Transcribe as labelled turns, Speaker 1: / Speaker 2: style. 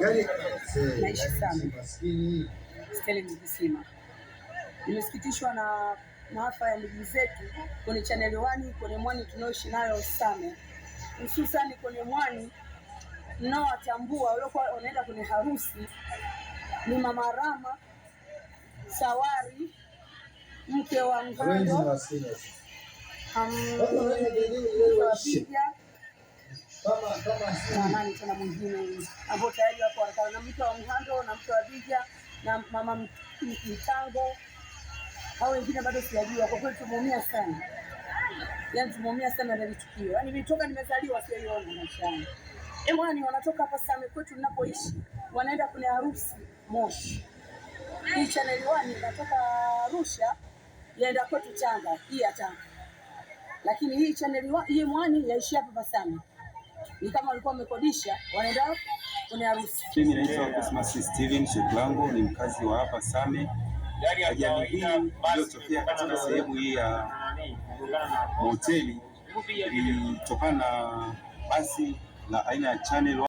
Speaker 1: Yaani,
Speaker 2: Naishi sana Sterling Nimesikitishwa na maafa ya ndugu zetu kwenye chaneli wani, kwenye mwani tunaoishi nayo same hususani kwenye mwani mnaowatambua waliokuwa wanaenda kwenye harusi ni Mama Rama Sawari, mke wa Ngando
Speaker 1: hamwapiga na nani tena mwingine ambao tayari wako wanakana na mtu wa Mhando na mtu wa Vija na mama Mtango, hao wengine bado sijajua. Kwa kweli tumeumia sana, yaani tumeumia sana na litukio, yaani nilitoka nimezaliwa sijaiona maisha yangu. Emwani wanatoka hapa Same kwetu ninapoishi, wanaenda kwenye harusi Moshi. Hii chaneli wani inatoka Arusha yaenda kwetu Tanga, hii ya Tanga lakini hii channel hii mwani yaishia hapa sana, ni kama walikuwa wamekodisha wanaenda kwenye harusi. Mimi naitwa Christmas Steven Sheklango, ni mkazi wa hapa Same. Ajali hii iliyotokea katika sehemu hii ya hoteli ilitokana na basi la aina ya Channel